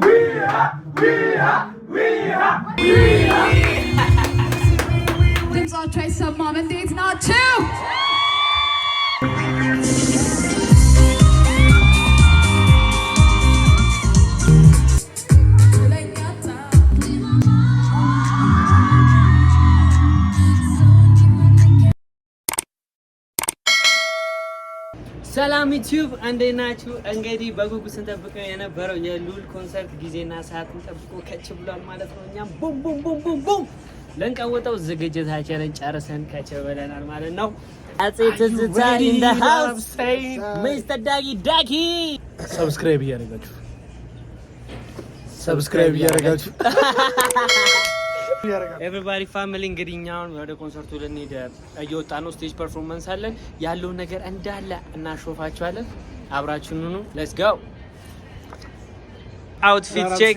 we are, we are, we are, we are. Things are trace some mom and deeds not too. ሰላም ዩቲዩብ እንዴት ናችሁ? እንግዲህ በጉጉት ስንጠብቀው የነበረው የሉል ኮንሰርት ጊዜና ሰዓትን ጠብቆ ከች ብሏል ማለት ነው። እኛም ቡም ቡም ቡም ቡም ቡም ልንቀውጠው ዝግጅታችንን ጨርሰን ከች ብለናል ማለት ነው። አጼ ትዝታ ኢን ዘ ሃውስ ሚስተር ዳጊ ዳጊ። ሰብስክራይብ እያደረጋችሁ ሰብስክራይብ እያደረጋችሁ ኤቨሪባዲ ፋሚሊ እንግዲህ እኛ አሁን ወደ ኮንሰርቱ ልንሄድ እየወጣ ነው። ስቴጅ ፐርፎርማንስ አለን። ያለውን ነገር እንዳለ እናሾፋቸዋለን አብራችሁን ኑ። ሌትስ ጎ አውትፊት ቼክ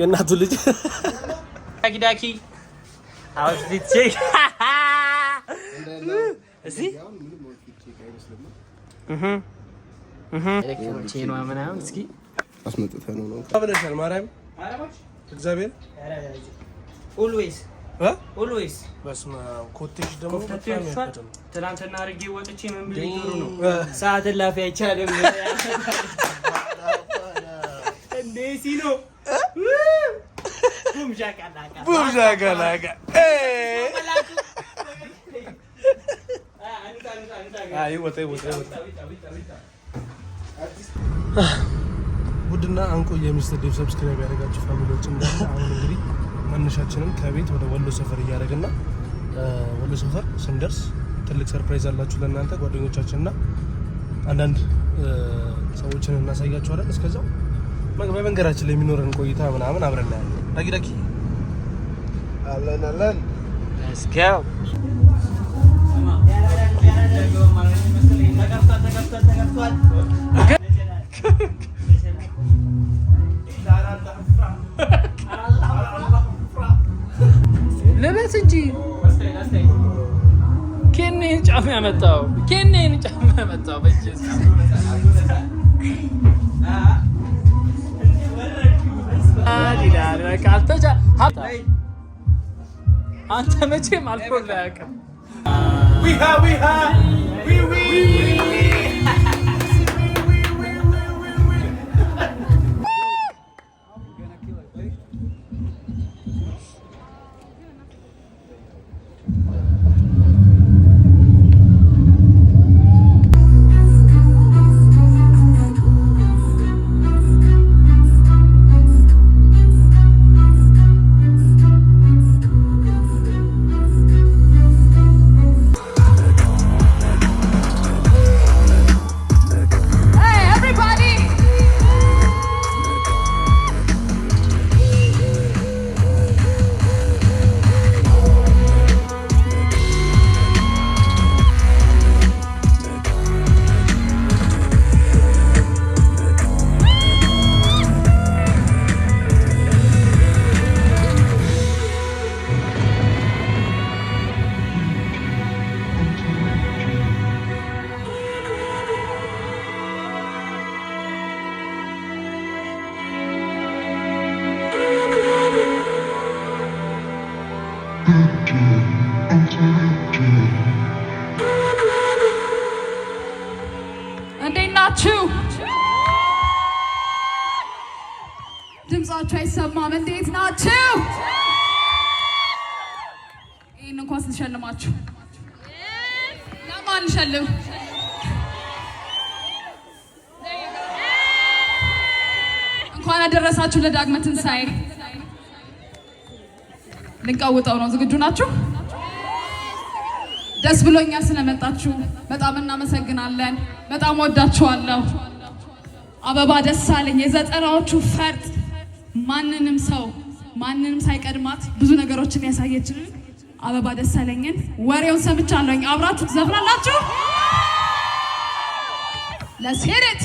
የእናቱ ልጅ ዳኪዳኪ አውትፊት ቼክ እዚህ ምናምን እስኪ አስመጥተህ ነው ነው አብለሻል። ማርያም እግዚአብሔር ኦልዌይስ ኦልዌይስ በስመ አብ ኮቴሽ ደግሞ ትናንትና አድርጌ ወጥቼ ምን ብዬሽ ኖሩ ነው ሰዓትን ላፊ አይቻልም እንዴ ሲኖ ቡምዣ ቀላቃ ቡምዣ ቀላቃ ይወጣ ይወጣ ይወጣ ውድና አንቆ የሚስተር ዴቭ ሰብስክራይብ ያደረጋችሁ ፋሚሊዎች እንዳለ አሁን እንግዲህ መነሻችንን ከቤት ወደ ወሎ ሰፈር እያደረግና ወሎ ሰፈር ስንደርስ ትልቅ ሰርፕራይዝ አላችሁ ለእናንተ ጓደኞቻችንና አንዳንድ ሰዎችን እናሳያችኋለን። እስከዛው መንገዳችን ላይ የሚኖረን ቆይታ ምናምን አብረን እናያለን። ዳኪ ዳኪ አለን አለን እስኪያው ልበስ እንጂ ኬኔን ጫማ ያመጣው ኬኔን ጫማ ያመጣው አንተ መቼም አልፎ ላያውቅም We, we, we, we. እንዴት ናችሁ? ድምጻችሁ አይሰማም። እንዴት ናችሁ? ይህን እንኳን ስትሸልማችሁ ለማን እንሸልም? እንኳን አደረሳችሁ ለዳግመ ትንሣኤ። ልንቀውጠው ነው። ዝግጁ ናችሁ? ደስ ብሎኛል ስለመጣችሁ በጣም እናመሰግናለን። በጣም ወዳችኋለሁ። አበባ ደሳለኝ የዘጠናዎቹ ፈርጥ ማንንም ሰው ማንንም ሳይቀድማት ብዙ ነገሮችን ያሳየችልን አበባ ደሳለኝን ወሬውን ሰምቻለሁኝ። አብራችሁ ትዘፍናላችሁ ለሴሬት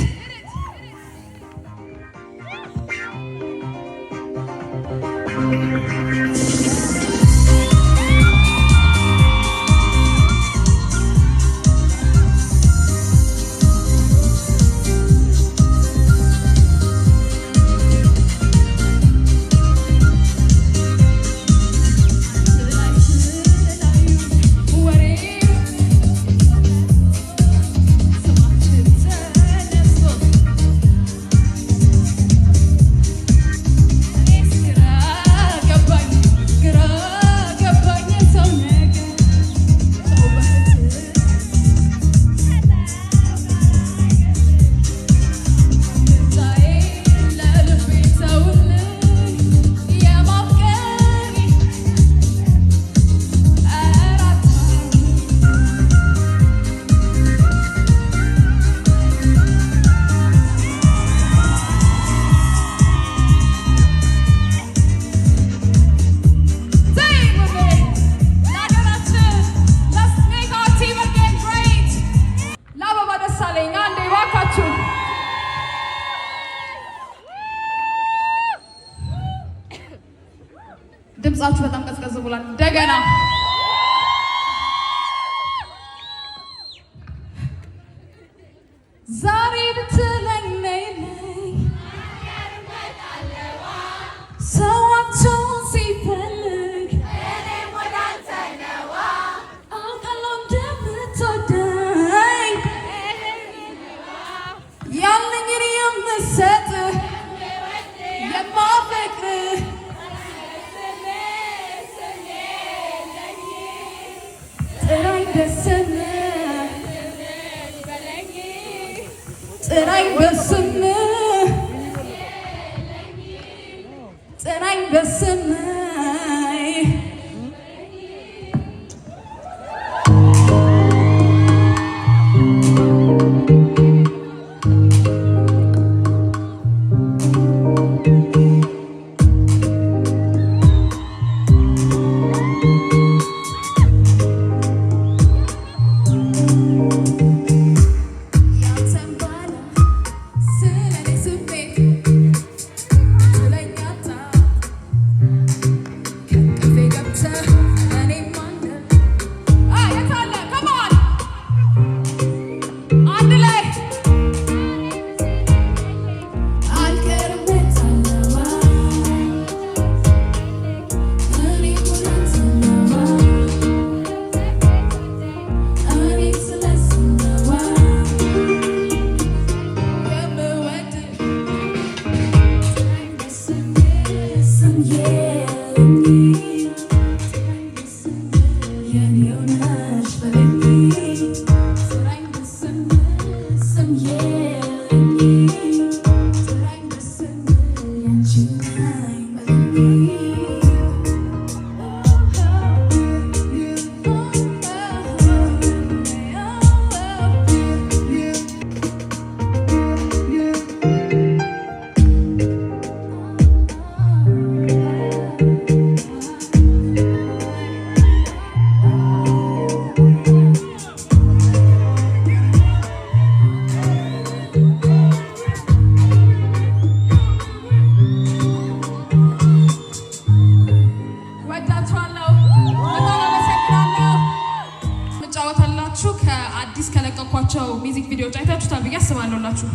ሙዚክ ቪዲዮዎች አይታችሁታል ብዬ አስባለሁላችሁ።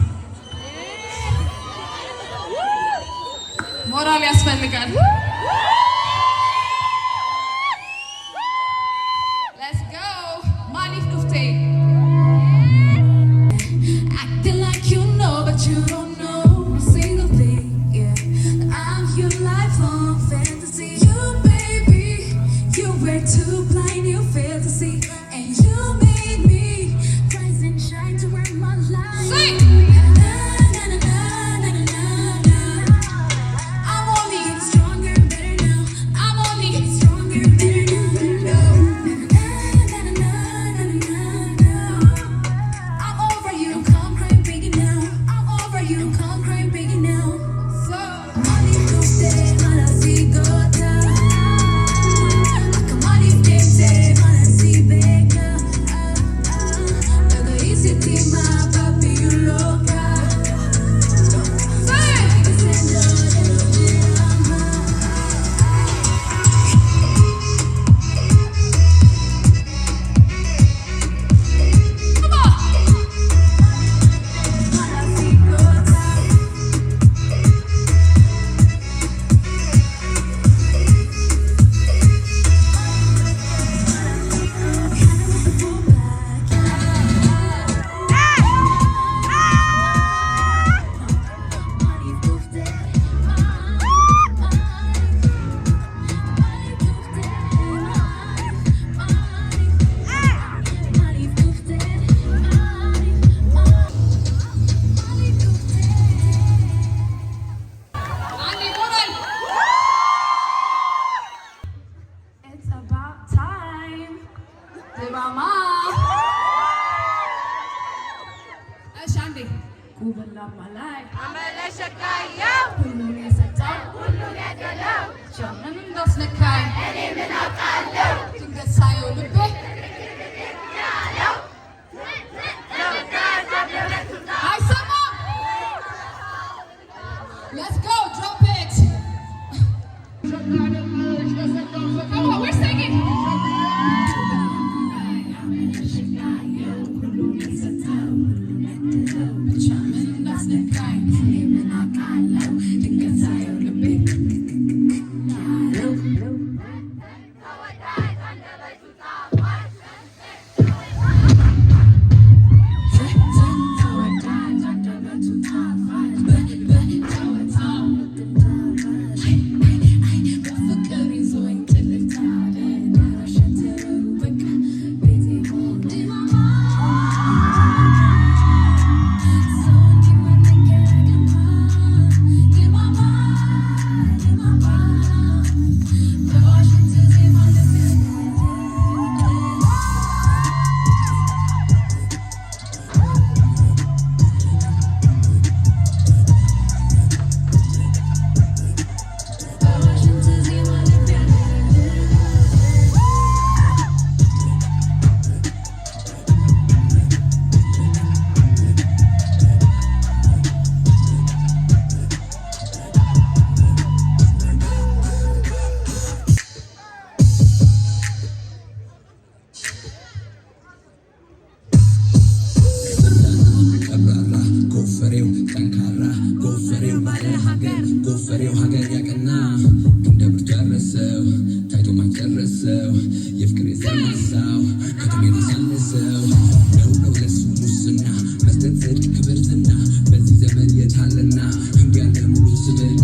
ሞራል ያስፈልጋል። sahibi olup ፍቅር የፍቅር የተነሳው ከተሜ ተሳነሰው ደውቀው ለሱ ሙስና መስጠት ጽድቅ ክብርትና በዚህ ዘመን የታለና እንዲያለ ሙሉ ስብና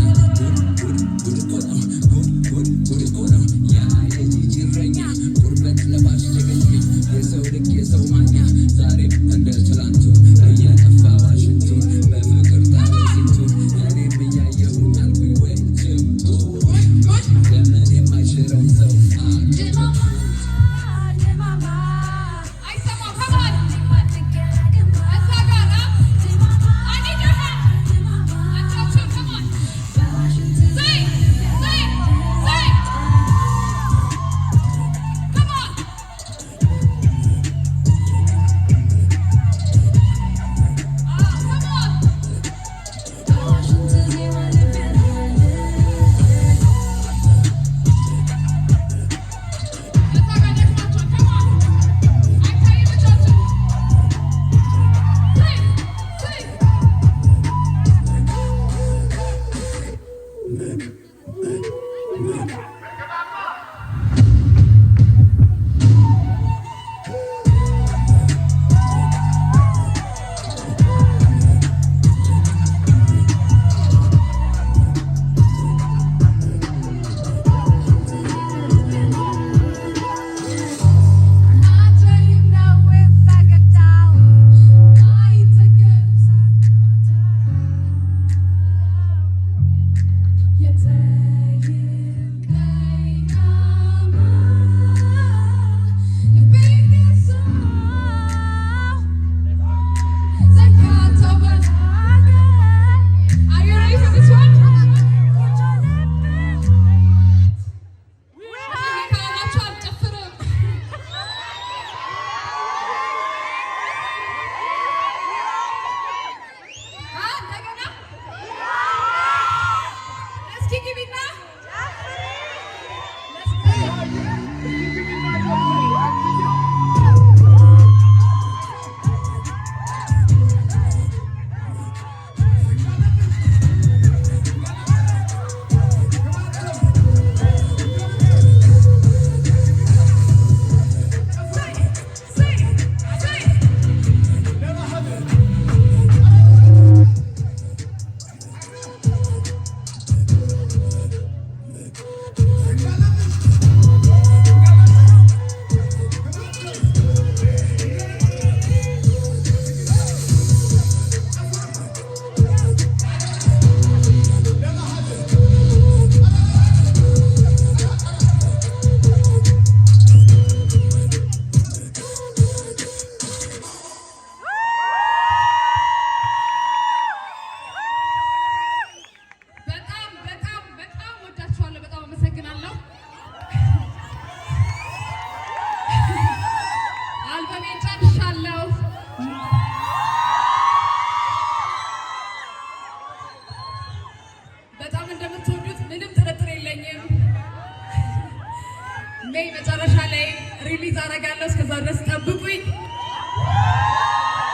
ላይ መጨረሻ ላይ ሪሊዝ አደርጋለሁ። እስከዛ ድረስ ጠብቁኝ።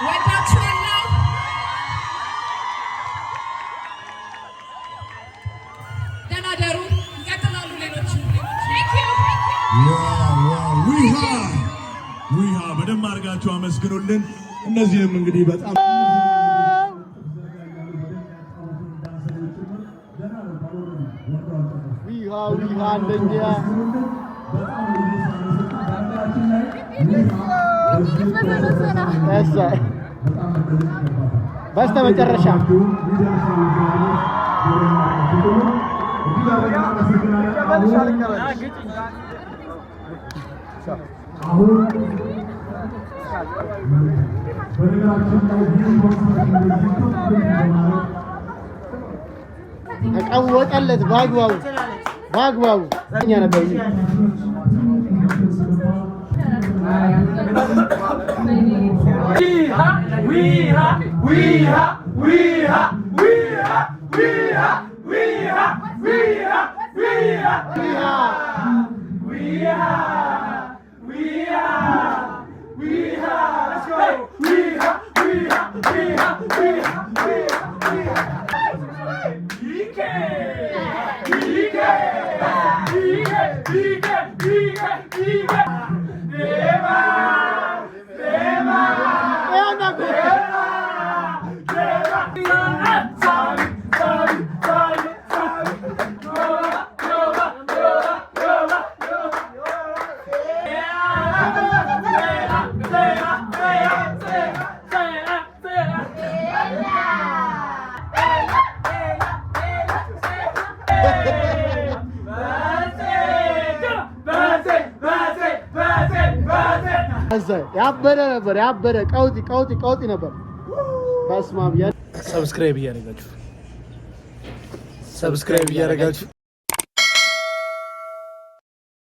ወዳችኋለሁ። ደህና ይቀጥላሉ ሌሎች ዊሃ በደንብ አድርጋችሁ አመስግኑልን። እነዚህም እንግዲህ በጣም ዊሃ ዊሃ አንደኛ በስተ መጨረሻ ተቀወጠለት በአግባቡ በአግባቡ ነበር። 위 e t s 이게 이게 이게 이게 이게 Prema! Prema! Prema! Prema! ያበደ ነበር፣ ያበደ ቀውጢ ቀውጢ ቀውጢ ነበር። በስመ አብ! ሰብስክራይብ እያደረጋችሁ ሰብስክራይብ እያደረጋችሁ